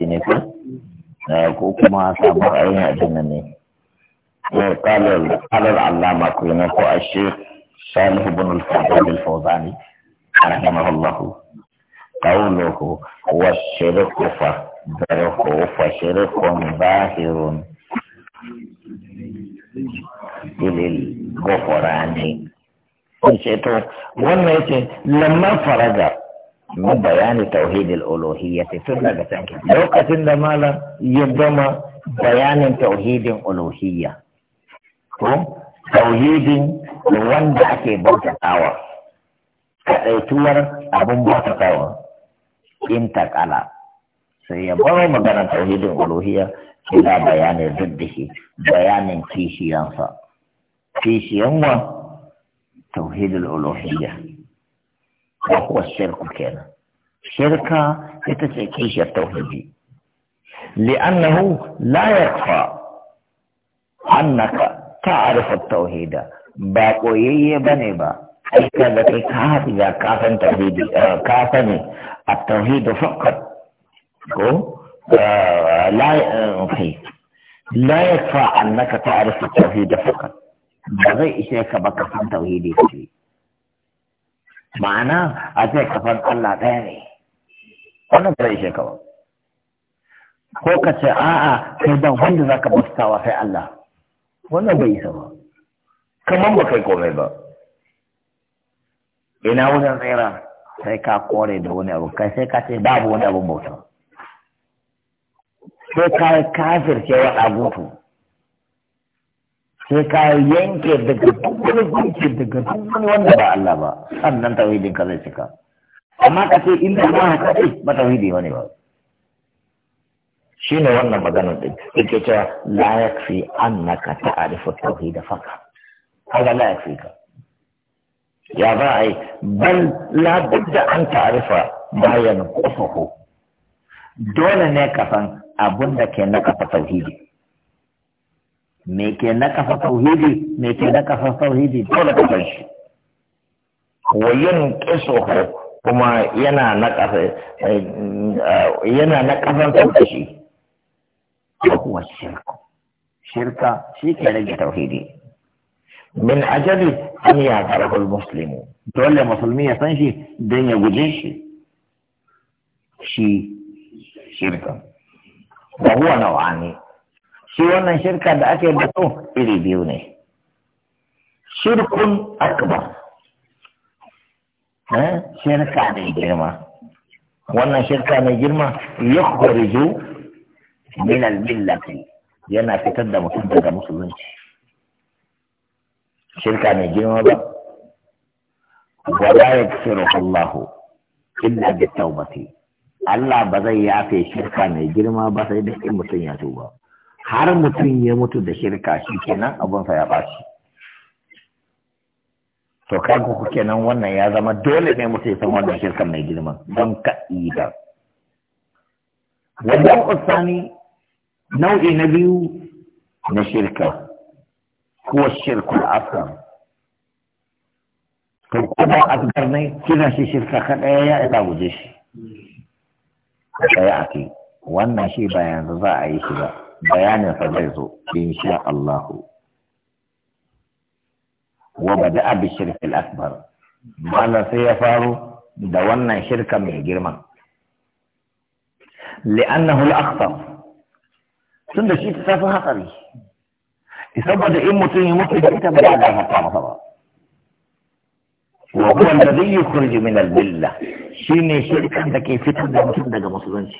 inifin na eh, ko kuma samu ayin ne ya eh, kalar Allah ma ku yana ko a shi salihu bin al-fadl al-fawzani rahimahu Allah qawluhu wa shirku fa darahu fa shirku zahirun ilil gofarani ko to wannan yace lamma faraga bayani tauhidil uluhiyyati tun daga can lokacin da malam ya gama bayanin tauhidin uluhiyya ko tauhidin wanda ake bautatawa kaɗaituwar abin bautatawa in takala sai ya baro magana tauhidin uluhiyya ila bayanin zuddihi bayanin kishiyansa kishiyan wa tauhidul uluhiyya وهو الشرك كان شركة يتسكيش التوحيد لأنه لا يخفى أنك تعرف التوحيد باقوية بنبا أي كذا كافي إذا كافن توحيد آه، كافن التوحيد فقط كو آه، لا يخفى آه، لا يخفى أنك تعرف التوحيد فقط بغي إشيك بكفن توحيد كثير ma'ana a ce kafan Allah ɗaya ne wannan da zai shekawa ko ka ce a'a kai ban wanda zaka bautawa sai Allah wannan bai isa ba kamar ba kai komai ba ina wani tsira sai ka kore da wani abu kai sai ka ce babu wani abu bauta sai ka ke wa gutu. sai ka yanke daga duk wani daga duk wanda ba Allah ba sannan tauhidin ka zai cika amma ka ce inda ma ka ce ba tauhidi wani ba shine wannan magana din yake cewa la yakfi annaka ta'rifu tauhid faqat kaga la yakfi ka ya ba ai bal la budda an ta'rifa bayan qufuhu dole ne ka san abun da ke naka tauhidi me ke na fa tauhidi me ke na fa tauhidi dole ka san shi wa yin kisoho kuma yana na kafa yana na kafa da shi kuwa shirka shirka shi ke rage tauhidi min ajali an ya karahul muslimu dole musulmi ya san shi don ya guje shi shi shirka wa huwa shi wannan shirka da ake bato iri biyu ne shirkun akbar eh, shirka mai girma wannan shirka mai girma ya kwarju min al-millati yana fitar da mutum daga musulunci shirka mai girma ba wa la yaghfiruhu Allah illa bi tawbati Allah ba zai yafe shirka mai girma ba sai da in mutum ya tuba har mutum ya mutu da shirka shi kenan abunsa ya ɓaci to kan kuke nan wannan ya zama dole ne mutum ya san wannan shirkan mai girma don ka'ida wannan usani nau'i na biyu na shirka kuwa shirkul asgar to kuma asgar ne kina shi shirka kaɗaya ya isa guje shi ɗaya a wannan shi ba yanzu za a yi shi ba بيان فضائله إن شاء الله وبدأ بالشرك الأكبر ماذا سيفعل دونا شركا من جرما لأنه الأخطر سند شيء تسافر هكذا إذا بدأ إمو تيموت جريكا من جرما هكذا وهو الذي يخرج من البلة شيني شركا ذكي فتن دمتن دمتن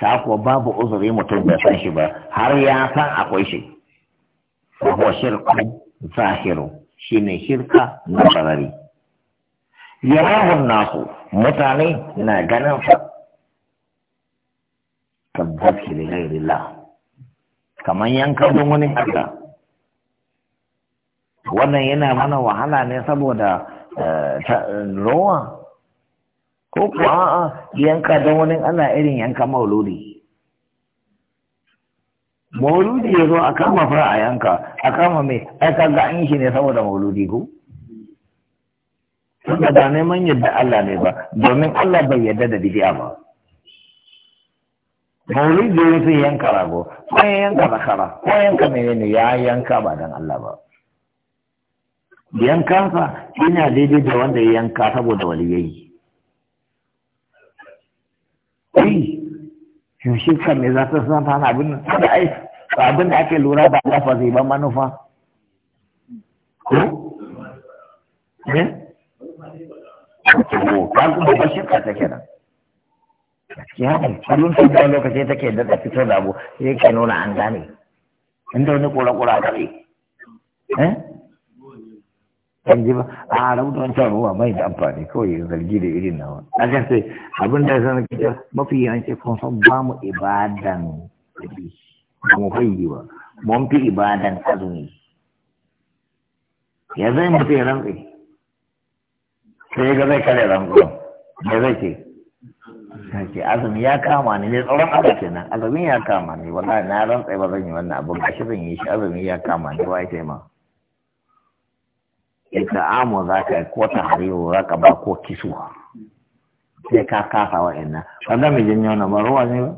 ta kuwa babu uzuri mutum bai san shi ba har ya san akwai shi wa shirku zahiru shine shirka na sarari yarahun nasu mutane na ganin sa tabbat kamar yankan don wani haka. wannan yana mana wahala ne saboda eh, eh, rowa ko ko a'a yanka don wani ana irin yanka mauludi mauludi ya zo a kama fara a yanka a kama mai aika ga an shi ne saboda mauludi ko tunda ba neman yadda Allah ne ba domin Allah bai yadda da bidiya ba mauludi ya sun yanka rago ko ya yanka zakara ko yanka menene ya yanka ba don Allah ba yankansa yana daidai da wanda ya yanka saboda waliyayi kai yaushe kan me za ta san fana abin nan kada ai abin da ake lura ba lafazi ba manufa ne ko eh? kuma ba shi ka take gaskiya ne kullum sai da lokaci take da ta fito da abu sai ke nuna an gane inda wani kura-kura kare eh an ji ba a rabu wancan ruwa mai da amfani kawai yin zargi da irin nawa a kan sai abin da zan kika mafi yawanci kun san ba mu ibadan kuɗi ba mu fayyi ba mun fi ibadan azumi ya zai mutu ya rantsi sai ga zai kare rantsuwan ya zai ce ce azumi ya kama ne ne tsoron Allah kenan azumi ya kama ne, wallahi na rantsai ba zan yi wannan abun shi zan yi shi azumi ya kama ne, wai sai ma ita amu za ka yi ko ta hariru za ka ba ko kisuwa sai ka kasa wa ina ba za mu janyo na ba ruwa ne ba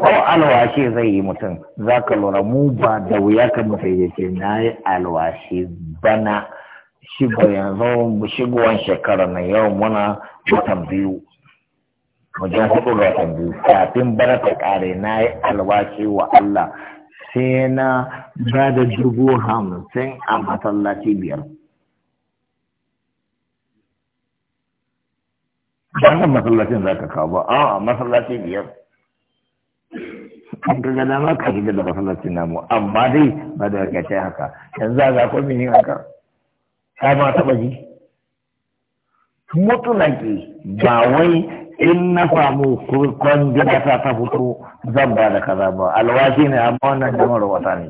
ko alwashi zai yi mutum za ka lura mu ba da wuya ka mutu ya ce na yi alwashi bana shigo yanzu shigowan shekara na yau muna watan biyu wajen hudu ga watan biyu kafin bana ta kare na yi alwashi wa Allah sai na ba da dubu hamsin a masallaci biyar wannan masallacin za ka kawo a masallaci biyar an kaga dama ka shiga da masallacin namu amma dai ba da kace haka yanzu za ga komai haka ta ma taba ji mutunaki ba wai in na samu kurkon gida ta ta fito zan ba da kaza ba alwashi ne amma wannan jama'ar wata ne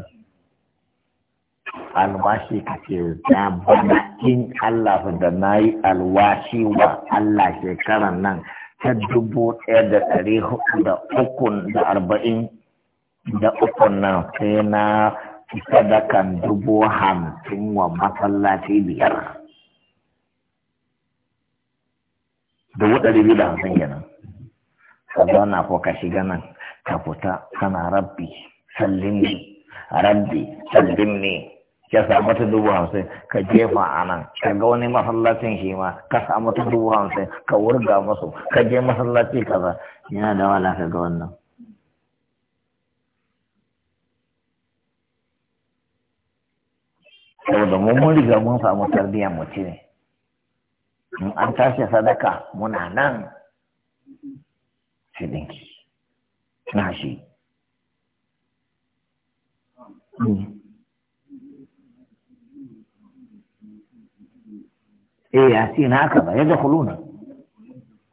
alwashi ka ce bana in Allah su da na yi alwashi wa Allah shekaran nan ta dubu ɗaya da ɗari hudu da uku da arba'in da uku nan sai na sadakan dubu hamsin wa masallaci biyar. dubu ɗari biyu da hamsin kenan ka zauna ko ka shiga nan ka fita kana rabbi sallin rabbi sallin ne ya samu ta dubu hamsin ka jefa a nan ka ga wani masallacin shi ma ka samu ta dubu hamsin ka wurga musu ka je masallaci kaza yana da wala ka ga wannan saboda mun riga mun samu tarbiyyar mutum ne an tashi sadaka muna nan sai إيه ياسين هكذا يدخلون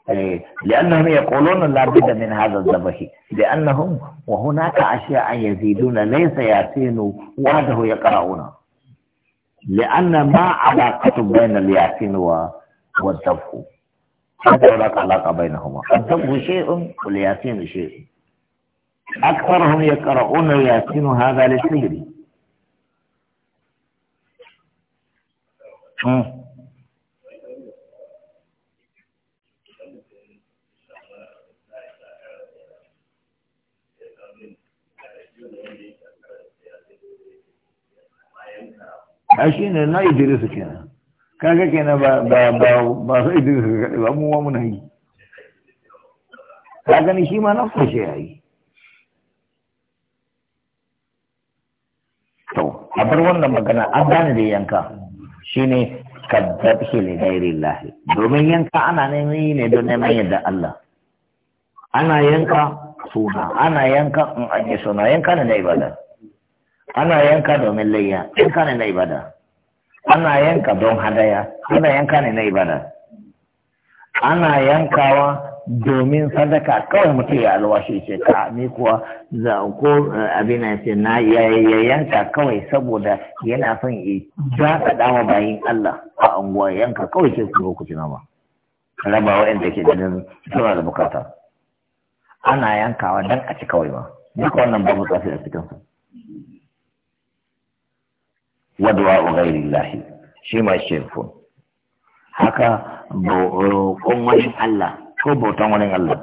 إيه لأنهم يقولون لا بد من هذا الذبح لأنهم وهناك أشياء يزيدون ليس ياسين وحده يقرؤون لأن ما علاقة بين الياسين و والذبح هذا هناك علاقة بينهما الذبح شيء والياسين شيء أكثرهم يقرؤون الياسين هذا للسجر أشين لا يدرس كده kaga kenan ba ba ba ba su idin su ba mu wa muna yi ka gani shi ma na fashe ya to a bar wannan magana an gane da yanka shine ne li ghairi Allah domin yanka ana neman yi ne don neman yadda Allah ana yanka suna ana yanka in ake suna yanka ne na ibada ana yanka domin layya yanka ne na ibada ana yanka don hadaya ana yanka ne na ibada ana yankawa domin sadaka kawai mutum ya alwashi ce ka ni kuwa za ko eh, abin na ya yanka kawai saboda yana son yi za ka dama bayin Allah a unguwa yanka kawai ce ku ku nama raba wa'anda ke ganin suna da bukata ana yankawa dan a ci kawai ma kawai wannan babu tsafi a cikin su wadwa lahi shi ma shirkun haka roƙon wani Allah ko bautan wani Allah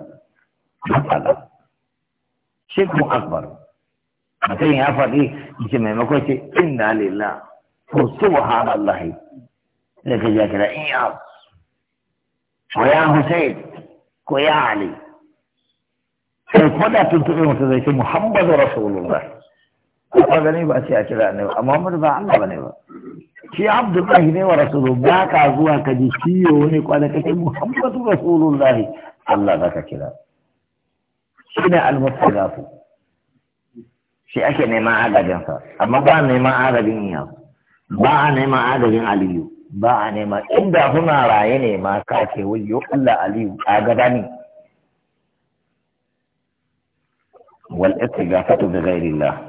matsala shirkun akbar mutum ya faɗi ce maimakon ce inna lillah ko subhanallahi sai ka ja kira in ya ko ya Hussein ko ya Ali sai ko da tuntuɓe mutum zai ce Muhammadu Rasulullah ka gani ba ce a kira ne? amma ah, Muhammadu ba Allah bane ba shi Abdullahi ne wa Rasulu ba ka zuwa ka ji ciyo ne kwana kake Muhammadu Rasulullahi Allah za ka kira shi ne almustagafu shi ake neman agajinsa amma ba neman agajin yau ba a neman agajin Aliyu ba a neman inda suna raye ne ma ka ce wayo Allah Aliyu agada ne wal istigafatu bi ghairillah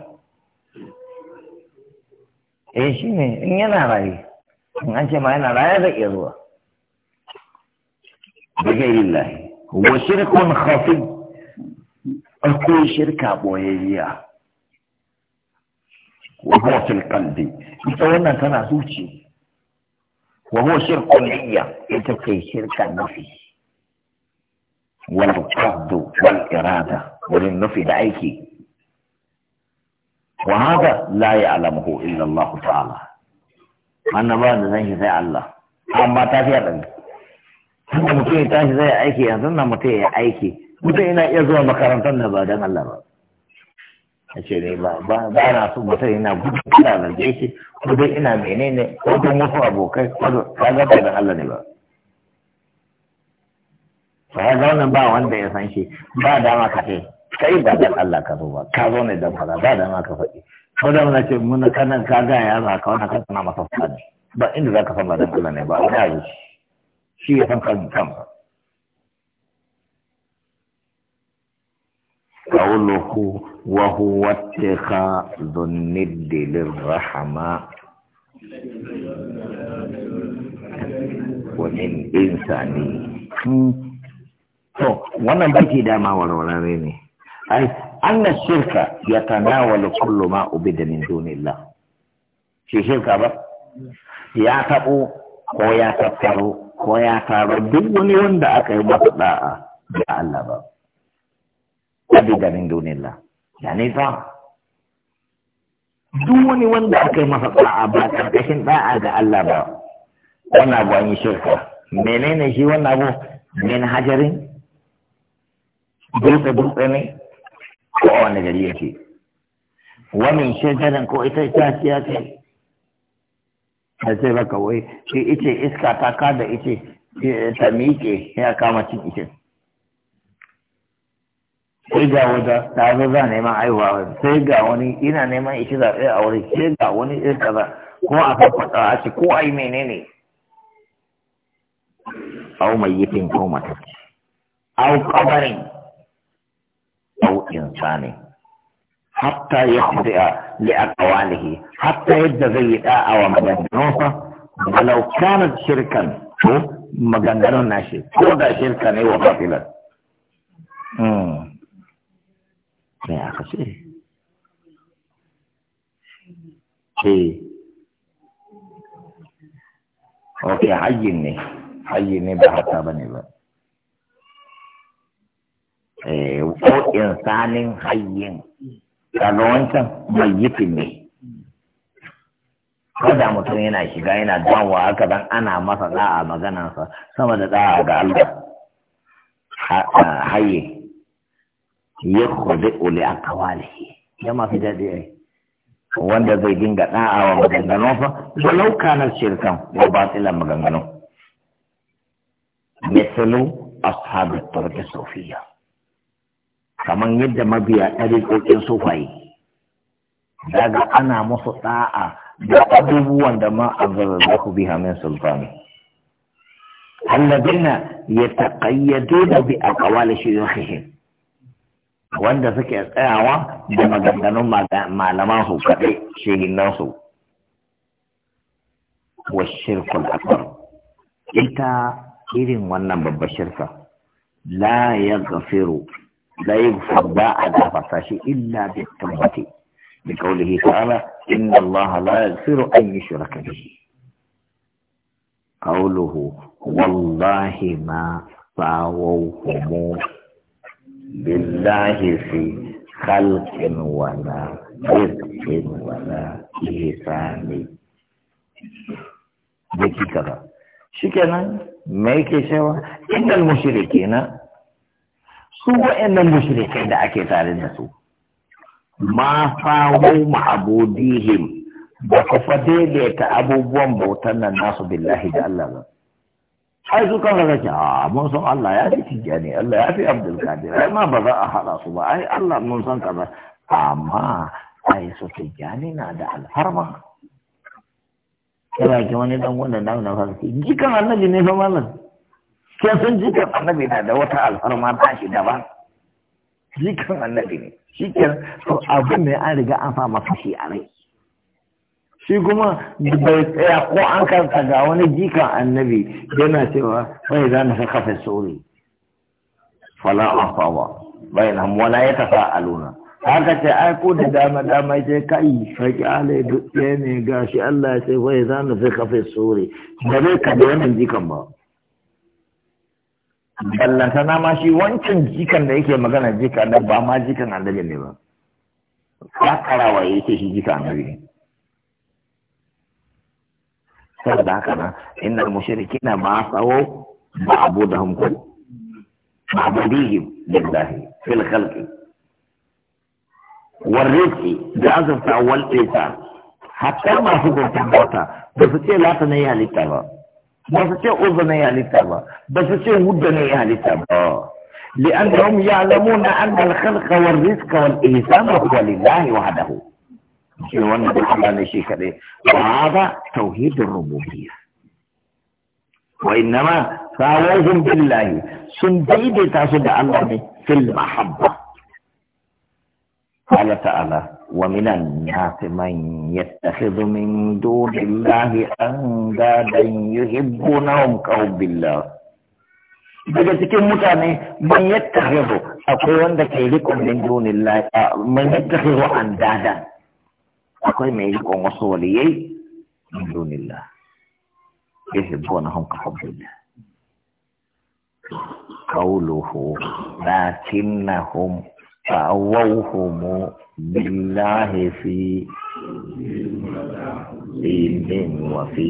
eh shi ne in yana raye in an ce ma yana raye zai iya zuwa da gairillahi wa shirkun hafi akwai shirka boyayya wa huwa fil qalbi ita wannan tana zuci wa huwa shirkun niyya ita ce shirka nufi wal qasd wal irada wurin nufi da aiki wa la ya ya'lamuhu illa Allah ta'ala annaba da zai sai Allah amma ta fiya dan haka mutum ya tashi zai aiki yanzu na mutum ya aiki mutum ina iya zuwa makarantar na ba don Allah ba a ce dai ba ba na so mutum yana gudun da zai shi ko dai ina menene ko don wasu abokai ko ta ga bai Allah ne ba ba ya ga ba wanda ya san shi ba dama ka ce kai ba dan Allah ka zo ba ka zo ne dan fara ba da ma ka faɗi ko da muna ce muna kanan ka ga ya za ka wannan kana masa fadi ba inda za ka san ba dan Allah ne ba ina abu shi ya san kan kan huwa وهو اتخاذ الند للرحمة ومن insani hmm. to wannan baki dama walwalare ne أي أن الشرك يتناول كل ما أبد من دون الله شي شرك أبا يعتقوا هو يتفروا هو يتفروا بدون يون دا أكيب يا الله أبا أبد من دون الله يعني فا دون يون دا أكيب لا أبا لكن لا أدى الله أبا وانا أبو أني شرك منين شي وانا أبو من حجرين دوسة دوسة أني ko a wani gari yake Wannan shekaran ko ita itaciya ce Ya ce baka wai shi ice iska ta kada ice ta miƙe ya kama cin ice sai ga wata ta zo za neman aiwa sai ga wani ina neman ice zaɓe a wuri sai ga wani iska za ko a farfaɗa a ce ko a yi menene au mai fin ko mata au kabarin أو إنساني حتى يخطئ لأقواله حتى يبدأ زي أو مجنونة ولو كانت شركا شوف مجنون ناشي كودا شركا أي أيوة، وقاتلا يا أخي شيء أوكي حييني حييني بحثها بني بقى ko eh, insanin hayyin kaga wancan mayyifin ne kada mutum yana shiga yana dawowa haka dan ana masa da'a maganansa sama da da'a ga Allah hayye ya khudu uli aqwalihi ya ma fi wanda zai dinga da'a wa maganganun fa lauka na shirkan wa batilan maganganun misalu ashabi turki sofiya kaman yadda mabiya ɗariƙoƙin sufaye daga ana musu ɗa'a da abubuwan da ma anzalallahu biha min sultan ya alladina da bi aqwali shuyukhihim wanda suke tsayawa da maganganun malaman su kaɗai shehinan su wa shirkul akbar ita irin wannan babbar shirka la yaghfiru لا يغفر باء فاشي إلا بالتوبة لقوله تعالى إن الله لا يغفر أن يشرك به قوله والله ما فاووهم بالله في خلق ولا رزق ولا إحسان بكي كذا شكرا ما يكي إن المشركين su wa'annan mushrikai da ake tare da su ma fawo ma'abudihim ba ku fa daidaita abubuwan bautan nan nasu billahi da Allah ba ai su kan zaka ce a mun san Allah ya fi tijjani Allah ya fi Abdul Qadir ai ma ba za a hada su ba ai Allah mun san kaza amma ai su tijjani na da alharma kana ki wani dan wannan nan na fara ki kan annabi ne fa mallan sai sun jikan annabi na da wata alfarma ba shi daban jikan annabi ne shi ke abin da an riga an fama fashi a rai shi kuma bai tsaya ko an karta ga wani jikan annabi yana cewa wani za na kafa sauri fala afa bai nan wala ya tafa luna haka ce ai ko da dama dama ce kai faki alai duk ne gashi Allah ya ce wai za na kafe sauri da bai ka da wannan jikan ba ballanta na ma shi wancan jikan da yake magana jika da ba ma jikan annabi ne ba ya karawa ya ke shi jika annabi ne sai da haka nan inna mushriki na ba tsawo ba abu da hanku ba abu dihim lillahi fil khalqi warriki da azarta wal isa hatta masu gurbin bauta ba su ce lata na yi halitta ba ba su ce uzu ne ya halitta ba لأنهم يعلمون أن الخلق والرزق والإنسان هو لله وحده وهذا توحيد الربوبية وإنما فاوزن بالله سنديد تاسد الله في المحبة قال تعالى ومن الناس من يتخذ من دون الله أندادا يحبونهم كحب الله daga cikin mutane man yattakhidhu akwai wanda ke rikon din min dunillahi man an dada akwai mai rikon wasu waliyai din ya min dunillah yuhibbunahum ka hubbillah qawluhu lakinnahum فعووهم بالله في دين وفي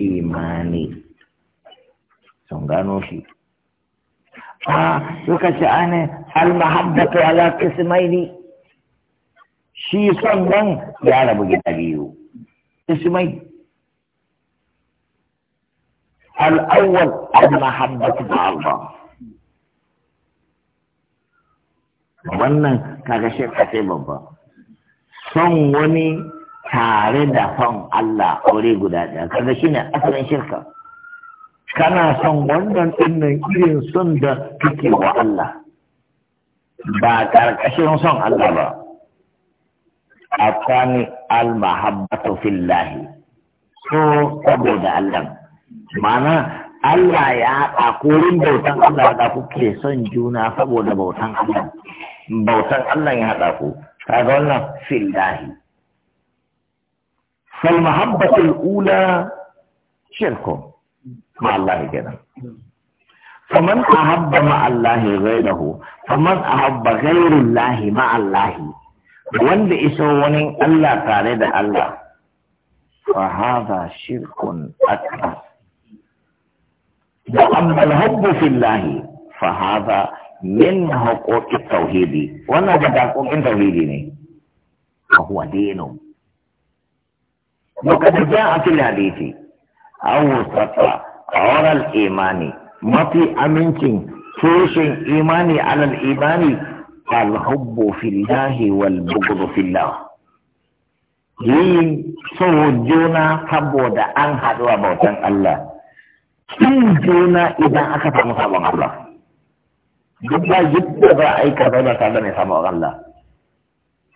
إيمان سنغانوشي آه سوكا شأن المحبة على قسمين شي صنبا يعرب جداليو قسمين الأول المحبة مع الله wannan kaga shirka ce babba son wani tare da son Allah aure guda ɗaya kaga ne asalin shirka kana son wannan ɗinnan irin son da kake wa Allah ba ƙarƙashin son Allah ba a al almahabbatu fillahi so saboda Allah mana Allah ya haɗa ko bautan Allah da kuke son juna saboda bautan Allah bautan Allah ya haɗa ku kaga wannan fillahi Salma mahabbatul ula shirku ma Allah kenan faman a habba ma Allah ghayrahu faman a habba gairun lahi ma Allah wanda iso wani Allah tare da Allah fa hadha shirkun akbar wa ambal Habbu hubbu lahi fa hadha من حقوق التوحيد وانا جدا قوم انت ويديني وهو دينه وقد جاء في الحديث او سطر قول الايماني ما في امنتين توشن ايماني على الايماني الحب في الله والبغض في الله yin so juna sabo da an haduwa bautan Allah. اذا juna idan aka duk ba yadda ba a yi karfai ba tare da mai samu Allah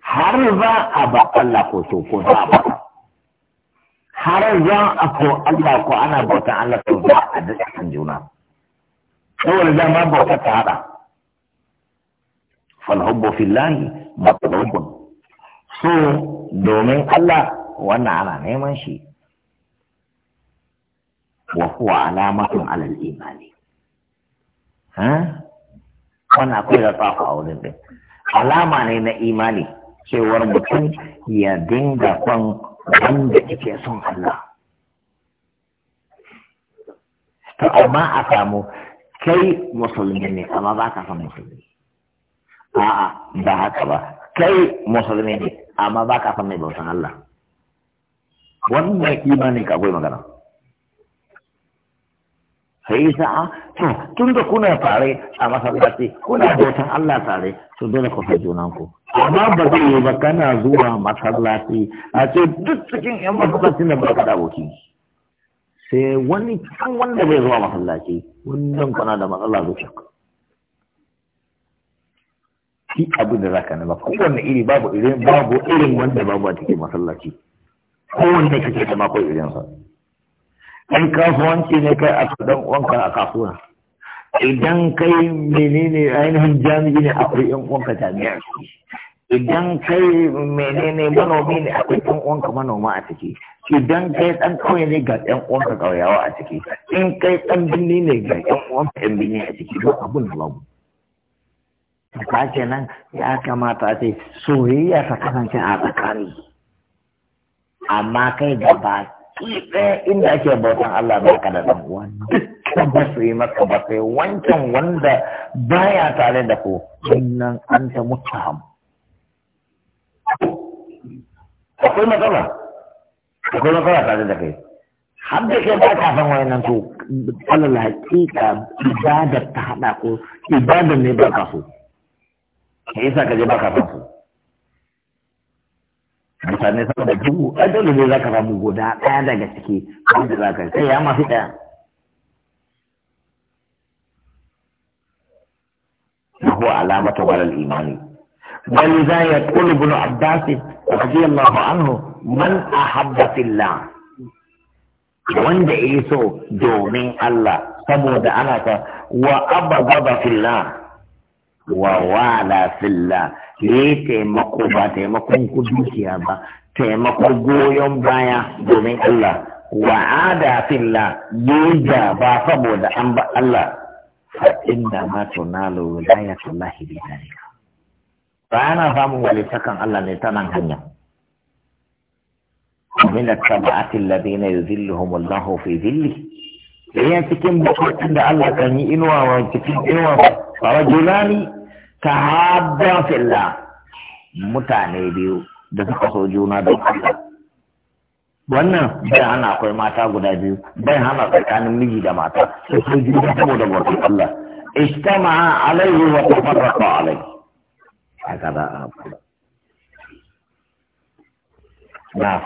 har za a ba Allah ko so ko za a ba har za a ko Allah ko ana bautan Allah ko za a daɗa kan juna kawai saboda dama bauta ta haɗa falhubbu fillahi matsalubun so domin Allah wannan ana neman shi wa huwa alamatun alal imani ha wannan akwai da a wurin din alama ne na imani cewar mutum ya dinga kwan wanda yake son Allah to amma a samu kai musulmi ne amma ba ka san musulmi a'a ba haka ba kai musulmi ne amma ba ka san mai bautan Allah wannan imani ka akwai magana sai sa'a ah, to tun da kuna tare a masallaci kuna bautan Allah tare to dole ku fi junan ku amma ba zai yi ba kana zuwa masallaci a ce duk cikin yan masallacin na baka da aboki sai wani can wanda bai zuwa masallaci wannan kuna da matsala zuciya Ki abu da zaka nema kowanne iri babu irin babu irin wanda babu a cikin masallaci kowanne kake da mako irin sa Ɗan kasuwanci ne kai a dan uwanka a kasuwa idan kai menene ainihin jami'i ne akwai yan uwanka jami'a idan kai menene manomi ne akwai yan uwanka manoma a ciki idan kai dan kauye ne ga yan uwanka kauyawa a ciki in kai dan binni ne ga yan uwanka yan binni a ciki don abun da babu ka nan ya kamata ce soyayya ta kasance a tsakani amma kai ba baki ɗaya inda ake bautan Allah ba ka da ɗan uwa dukkan ba su yi maka ba sai wancan wanda baya tare da ku sannan an ta mutu akwai matsala akwai matsala tare da kai har da kai ba ka san wayannan to alal hakika ibadar ta hada ko ibadar ne ba ka so kai yasa ka je ba ka san su mutane sama da dubu a ne za ka samu guda ɗaya daga ciki wanda za ka sai ya masu ɗaya. Nahu alama ta wala imani. Bani za ya kuli bunu abdasi rabi Allah anhu man a habba Wanda ya so domin Allah saboda ana sa wa abba gaba fillah wa wala filla yi taimako ba taimakon ku dukiya ba taimako goyon baya domin Allah wa ada filla yi ba saboda an ba Allah fa inda ma tunalu wilayatullahi bi dalika ba ana samun walittakan Allah ne ta nan hanya من التبعة الذين يذلهم الله في ذله yayin cikin bukatun da Allah kan yi inuwa wa cikin inuwa ba wa julani ta haɗa filla mutane biyu da suka so juna da Allah wannan bai hana akwai mata guda biyu bai hana tsakanin miji da mata su so juna saboda barkin Allah istama'a alaihi wa tafarraqa alaihi a kada a haƙura na